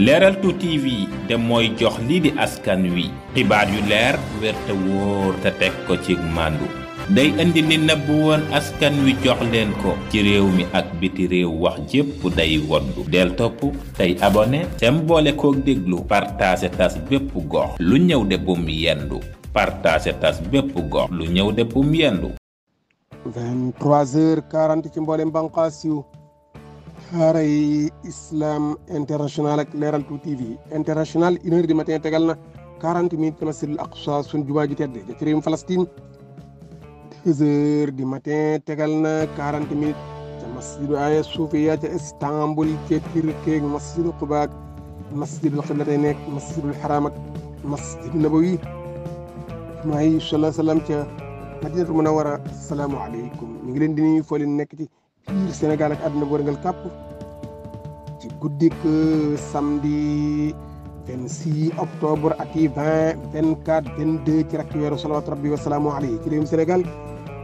leeral tu TV te mooy jox lii di askan wi xibaar yu leer wér wóor te teg ko ci màndu day indi li nëbb woon askan wi jox leen ko ci réew mi ak biti réew wax jépp day woddu del topp tey abone tem boole kook déglu partage tas bépp gox lu ñëw de bum yendu bépp gox lu ci mboolem banqaas yu daaray islam international ak leeral tu TV international une heure du matin tegal na quarante minutes masjidil aqsa sun jumaa ji tedd ja ci réewum Palestine deux heures du tegal na quarante minutes ca masjidu aya suufiya ca Istanbul ca Turquie masjidu Quba ak masjidul qiblatay nekk masjidul haram ak masjidu nabawi maayi sala salaam ca madinatul munawara asalaamu aleykum ñu ngi leen di nuyu foo leen nekk ci biir Sénégal ak àdduna bu wërngal guddik samedi 26 octobre at yi 20 24 22 ci rakk weeru rabbi wa alayhi ci réewum Sénégal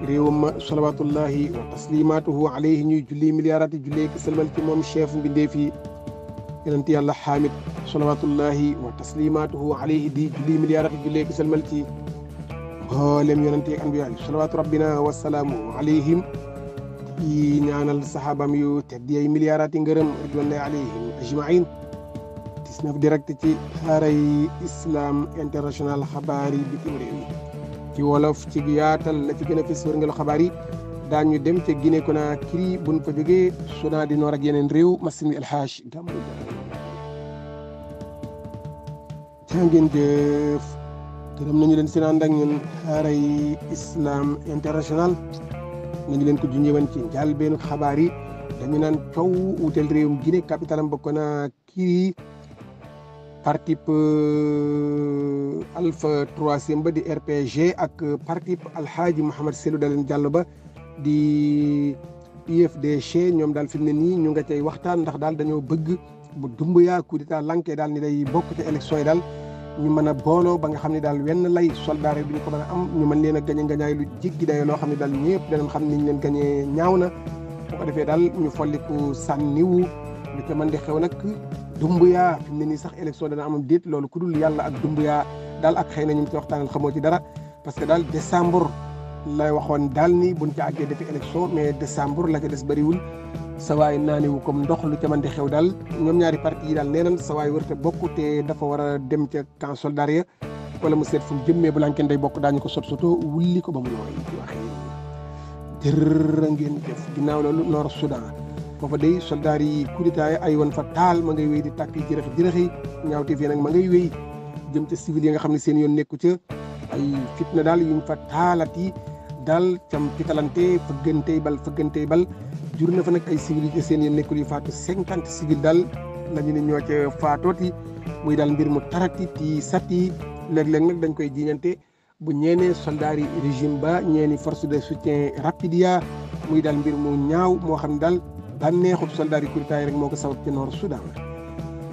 réewum salawaatullahi wa ci moom chef mbindeef yi yonent yàlla xaamid salawaatullahi wa taslimaatuhu alayhi di julli miliyaaraati jullee ki ci mboolem yonent yi anbiya yi salawaatu rabbina wa alayhim di ñaanal saxaabam yu tedd ay yi ngërëm ridwanullahi alayhim ajmain 19 direct ci xaaray islam international xabaar yi bitim réew yi ci wolof ci yaatal la fi gën a fës wërngalu xabaar yi daañu dem ca Guinée Conakry buñ fa jógee Soudan du Nord ak yeneen réew masin bi alxaaj gàmmu jàngeen jëf gërëm nañu leen seen ànd ak ñun islam international ñu leen ko junjee woon ci njëlbéenu xabaar yi dañu naan coow wuuteel réewum Guinée capitale am bokk na kii parti euh, Alpha 3 ba di RPG ak parti Alhaji Mouhamed Cellou Dalein Diallo ba di UFDC ñoom daal fi mu ne nii ñu nga cay waxtaan ndax daal dañoo bëgg bu dumb yaa coup d'état lankee daal ni day bokk ci élection daal. ñu mën a booloo ba nga xam ne daal wenn lay soldaar yi duñ ko mën a am ñu mën leen a gañe gañaay lu jéggi loo xam ne daal ñëpp danañ xam niñ leen gañee ñaaw na bu daal ñu folliku sànniwu lu ca mën di xew nag dumbuyaa fi mu ne nii sax élection dana amam déet loolu ku dul yàlla ak dumbuya daal ak xëy na ñu ngi ci waxtaanal xamoo ci dara parce que daal décembre lay waxoon daal ni buñ ca àggee defee élection mais décembre la ca des bariwul sawaay naanewu comme ndox lu ca mën di xew daal ñoom ñaari parti yi daal nee nañ sawaay warta bokk te dafa war a dem ca camp soldat ya wala mu seet fu mu jëmmee bu lankeen day bokk daañu ko sot soto wulli ko ba mu yooy ci waxe jërë ngeen def yi ay woon fa taal ma ngay di tàkk yi jërëx jërëx yi ñaawte fii nag ma ngay wéy jëm ca civil yi nga xam ne seen yoon nekku ca ay fitna daal yuñ fa taalat yi daal cam pitalante fëggantey bal fëggantey bal jur na fa nag ay civil yu ci seen yéen nekkul yu faatu cinquante civil daal la ñu ne ñoo ca faatooti muy dal mbir mu tarati ti sati léeg-léeg nag dañ koy jiñante bu ñeenee soldats yi régime ba ñeeni force de soutien rapide ya muy dal mbir mu ñaaw moo xam ne daal bànneexub soldats yi rek moo ko sabab ci nord Soudan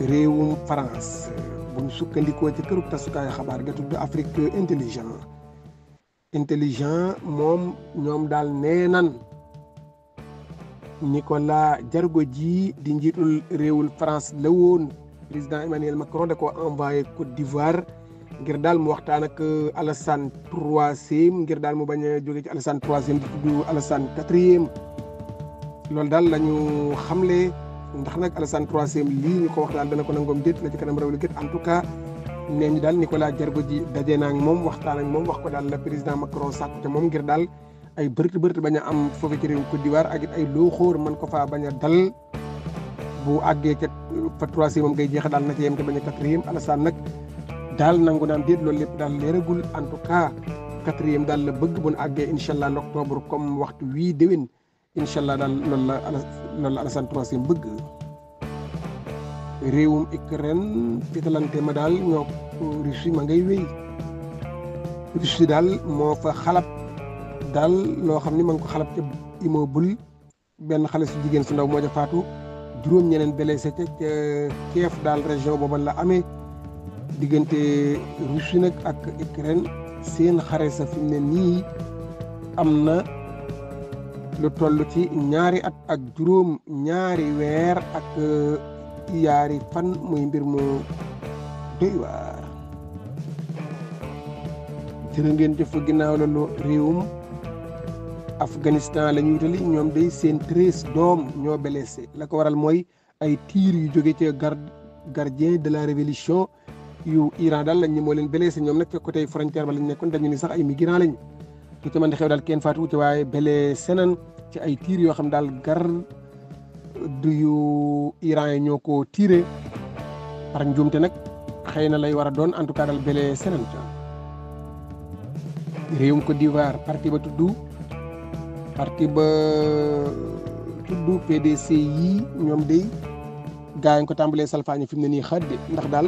réewum France buñ sukkandikoo ci këru tasukaayu xabaar ga tudd Afrique intelligent intelligent moom ñoom daal nee nan nicolas jargoji di njitul rewul france la won président emmanuel macron da ko envoyé côte d'ivoire ngir dal mu waxtaan ak euh, alassane 3 troisième ngir dal mu baña a ci alassane 3e du alassane 4e lol dal lañu xamlé ndax nak alassane 3e li ñu ko wax daal dana ko nangom déet la ci kanam rewul li en tout cas nee dal nicolas jargoji dajé nak mom moom waxtaan ak moom wax ko dal le président macron sàkk te mom ngir dal ay bërët bërët bañ a am foofu ci réew Côte d'Ivoire ak it ay looxóor mën ko faa bañ a dal bu àggee ca fa troisième moom ngay jeexe daal na ci yem te bañ a quatrième Alassane nag daal nangu naan déet loolu lépp daal leeragul en tout cas quatrième daal la bëgg bu nu àggee incha allah octobre comme waxtu wii déwén incha allah daal loolu la loolu la Alassane troisième bëgg réewum ikren tiitalante ma daal ñoo Russie ma ngay wéy Russie daal moo fa xalab daal loo xam ni ma ngi ko xalab ca immeuble benn xale su jigéen su ndaw moo ca faatu juróom ñeneen blessé ca ca daal région booba la amee diggante Russie nag ak Ukraine seen xare sa fi mu nii am na lu toll ci ñaari at ak juróom ñaari weer ak euh, yaari fan muy mbir mu doy waar jërë ngeen jëf ginnaaw loolu réewum Afghanistan la ñu wutali ñoom day seen doom ñoo blessé la ko waral mooy ay tiir yu jóge ca garde gardien de la révolution yu Iran daal lañ ñu moo leen se ñoom nag ca côté frontière ba lañ nekkoon dañu ni sax ay migrants lañ lu ca mën di xew daal kenn faatu ca waaye blessé nañ ci ay tiir yoo xam daal garde yu Iran yi ñoo ko tiire par nag xëy na lay war a doon en tout cas daal blessé nañ ca réewum Côte d'Ivoire parti ba tudd. parti ba tudd PDC yii ñoom day gaa yi ko tàmbalee salfaañi fi mu ne nii xaddi ndax daal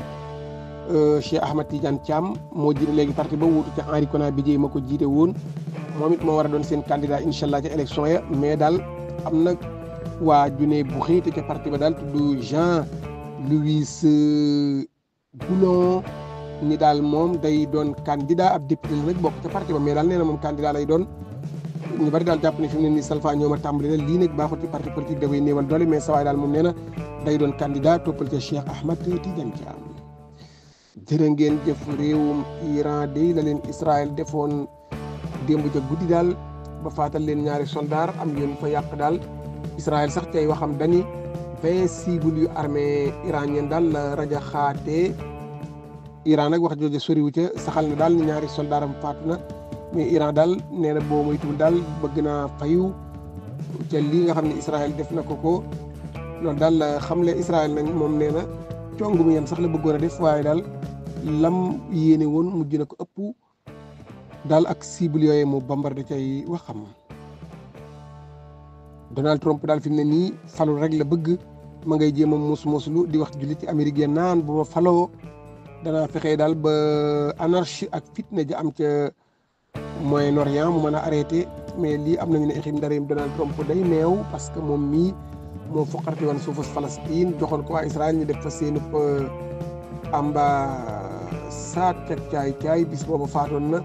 euh, Cheikh Ahmad Tidiane Thiam moo jiite léegi parti ba wuutu ca Henri Konan Bédié ma ko jiite woon moom moo war doon seen candidat incha allah ca élection ya mais daal am na waa junne bu xiite ca parti ba daal tudd Jean Louis Boulon euh, ni daal moom day doon candidat ab député rek bokk ca parti ba mais daal nee na moom candidat lay doon. ñu bari daal jàpp ne fi mu ne a tàmbali na lii nag baaxul ci parti politique dafay néewal doole mais sawaay daal moom nee na day doon candidat toppal ca Cheikh Ahmad Tidiane Thiam jërë ngeen jëf réewum Iran day la leen Israël defoon démb ca guddi daal ba faatal leen ñaari soldaar am yéen fa yàq daal Israël sax cay waxam dani vingt cibles yu armée iranienne daal la raja xaatee Iran nag wax jooju soriwu ca saxal na daal ñaari soldaaram faatu na mais Iran daal nee na boo daal bëgg naa fayu ca lii nga xam ne Israël def na ko ko loolu daal la xamle Israël nag moom nee na cong mu yem sax la bëggoon a def waaye daal lam yéene woon mujj ko ëpp ak cible yooyu mu bombardé cay waxam Donald Trump daal fi mu falu rek la bëgg ma ngay jéem a mos moslu di wax jullit ci Amérique naan bu ma faloo fexe daal ba anarchie ak fitna ja Moyen-Orient mu mën a arrêté mais lii am nañu ne dara Donald Trump day neew parce que moom mii moo foqarti woon suufus Palestine joxoon ko waa Israël ñu def fa seen euh, ambassade ca caay caay bis boobu faatoon na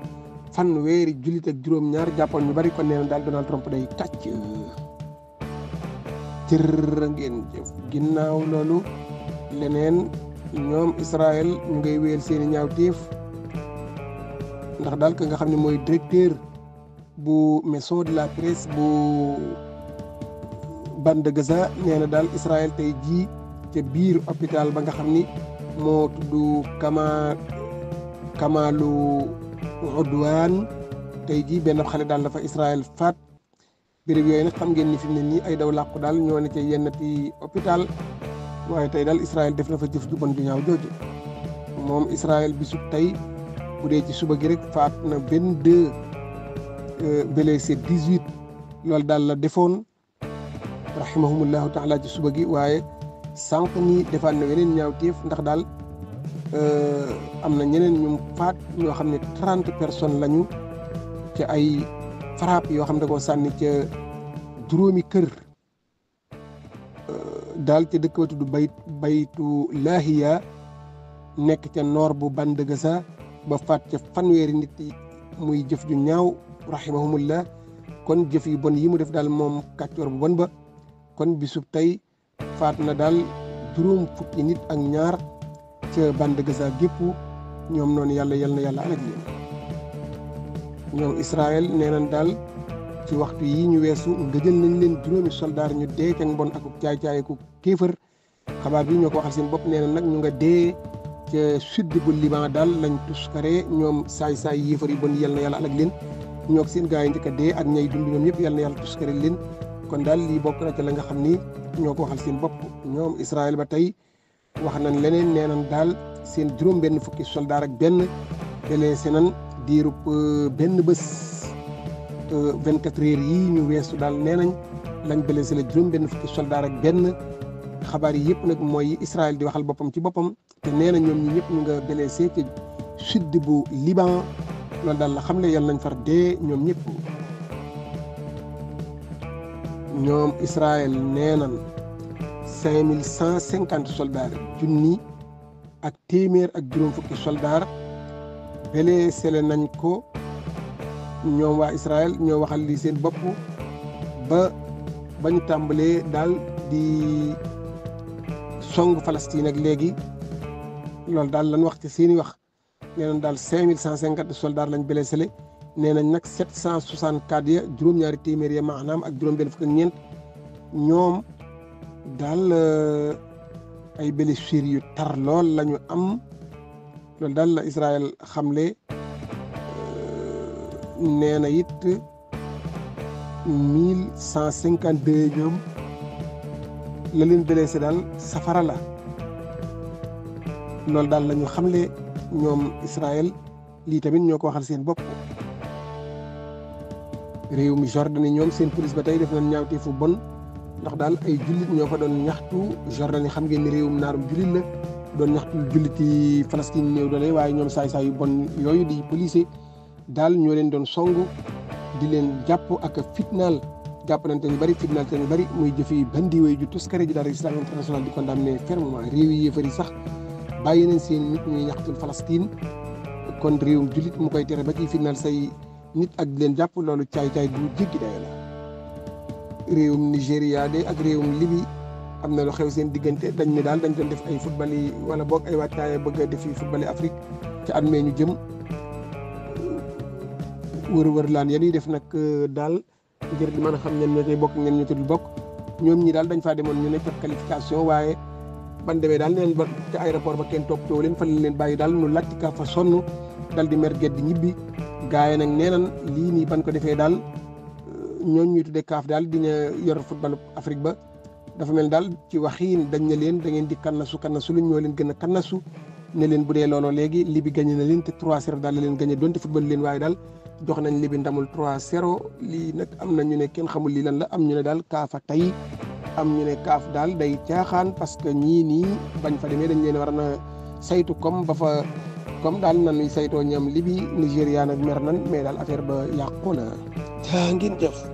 fan weeri julit ak juróom-ñaar jàppoon ñu bari kon nee na Donald Trump day tàcc jërë ngeen jëf ginnaaw loolu leneen ñoom Israël ñu ngay wéyal seen ñaawteef ndax dal ka nga xamni moy directeur bu maison de la presse bu bande de Gaza neena dal Israël tay ji ca bir hôpital ba nga xamni mo tuddu tudd Kama Kamalu udwan tay ji ben xale dal dafa Israël faat béréb yoy nak xam ngeen ni fi ne ay daw laq dal ñoo ne yenn ti hôpital waye tay dal Israël def na fa jëf ju bon bi ñaaw mom Israël bisu tay bu dee ci suba gi rek faat na benn deux euh, blessé dix huit loolu daal la defoon rahimahumullahu taala ci suba gi waaye sànq nii defaat na weneen ñaawteef ndax daal euh, am na ñeneen ñum faat ñoo xam ne trente personnes lañu ca ay frappe yoo xam ne da koo sànni ca juróomi kër euh, daal ca dëkk ba tudd baytu laahiya nekk ca noor bu Bandagasa ba faat ca fanweeri nit yi muy jëf ju ñaaw rahimahumullah kon jëf yu bon yi mu def daal moom kàccoor bu bon ba kon bisub tey faat na daal juróom fukki nit ak ñaar ca bande Gaza gépp ñoom noonu yàlla yal na yàlla alak leen ñoom Israël nee daal ci waxtu yi ñu weesu gëjël nañ leen juróomi soldaar ñu dee ca mbon ak caay-caay ku kéefër xabaar bi ñoo ko waxal seen bopp nee na nag ñu nga dee ca sud bu Liban daal lañ tuskare ñoom saay-saay yéefar yi bon yal na yàlla alak leen ñoo seen gaa yi njëkk a dee ak ñay dund ñoom yal na yàlla tuskare leen kon daal lii bokk na ca la nga xam ni ñoo ko waxal seen bopp ñoom Israël ba tey wax nañ leneen nee nañ daal seen juróom benn fukki soldaar ak benn délaissé euh, benn bés euh, vingt-quatre heures yi ñu weesu daal nee nañ lañ délaissé la juróom benn fukki soldaar ak benn xabaar yi yëpp nag mooy Israël di waxal boppam ci boppam te nee na ñoom ñu ñëpp ñu nga blessé ci sud bu Liban loolu daal la xam ne yàlla nañ far dee ñoom ñëpp ñoom Israël nee nañ cinq mille junni ak téeméer ak juróom fukki soldats blessé le nañ ko ñoom waa Israël ñoo waxal li seen bopp ba bañ tàmbalee daal di songu Palestine ak léegi loolu daal lan wax ci seeni wax nee daal cinq mille cent cinquante soldats lañ blessé nee nañ nag sept cent soixante quatre ya juróom-ñaari téeméer ya maanaam ak juróom-benn fukk ak ñeent ñoom daal euh, ay blessures yu tar lool lañu am loolu daal la Israël xamle euh, nee na it mille cent cinquante deux ñoom. la leen blessé daal safara la loolu daal lañu ñu xamle ñoom Israël lii tamit ñoo ko waxal seen bopp réew mi Jordanie ñoom seen police ba tey def nañ ñaawtee fu bon ndax daal ay jullit ñoo fa doon ñaxtu Jordanie xam ngeen ni réewum naarum jullit la doon ñaxtu jullit yi Palestine néew doole waaye ñoom saay-saay yu bon yooyu di police daal ñoo leen doon song di leen jàpp ak fitnaal jàppalante ñu bëri tribunalité ñu bëri muy jëf yi bandi way ju tuskare ji daal di condamné fermement réew yi yëfar yi sax bàyyi nañ seen nit ñuy ñaxtul Palestine kon réewum jullit mu koy tere ba ci final say nit ak leen jàpp loolu caay-caay du jéggi dayo la réewum Nigéria de ak réewum Libye am na lu xew seen diggante dañ ne daal dañ doon def ay football yi wala boog ay waajtaay bëgg a def yi football Afrique ci at mee ñu jëm wër-wër laan ya def nag euh, daal. ngir di mën xam ñen ñoo tey bokk ñen ñoo tudd bokk ñoom ñi daal dañ faa demoon ñu ne fa qualification waaye ban demee daal neen ba ca aéroport ba kenn topp too leen fa leen bàyyi daal nu laajte ka fa sonn dal di mer gedd di ñibbi gars yi nag nee nan lii nii ban ko defee daal euh, ñooñu ñuy tuddee kaaf daal dina yor football Afrique ba dafa mel daal ci waxiin dañ ne leen da ngeen di kannasu kannasu lu ñoo leen gën a kannasu ne leen bu dee looloo léegi Libi gagné na leen te 3-0 daal la leen gagné donte football leen waaye daal jox nañ Libi ndamul 3-0 lii nag am na ñu ne kenn xamul lii lan la am ñu ne daal kaafa tey am ñu ne kaaf daal day caaxaan parce que ñii nii bañ fa demee dañ leen war na saytu comme ba fa comme daal nanuy saytoo ñoom Libi Nigéria nag mer nan mais daal affaire ba yàqu na. jaa ngeen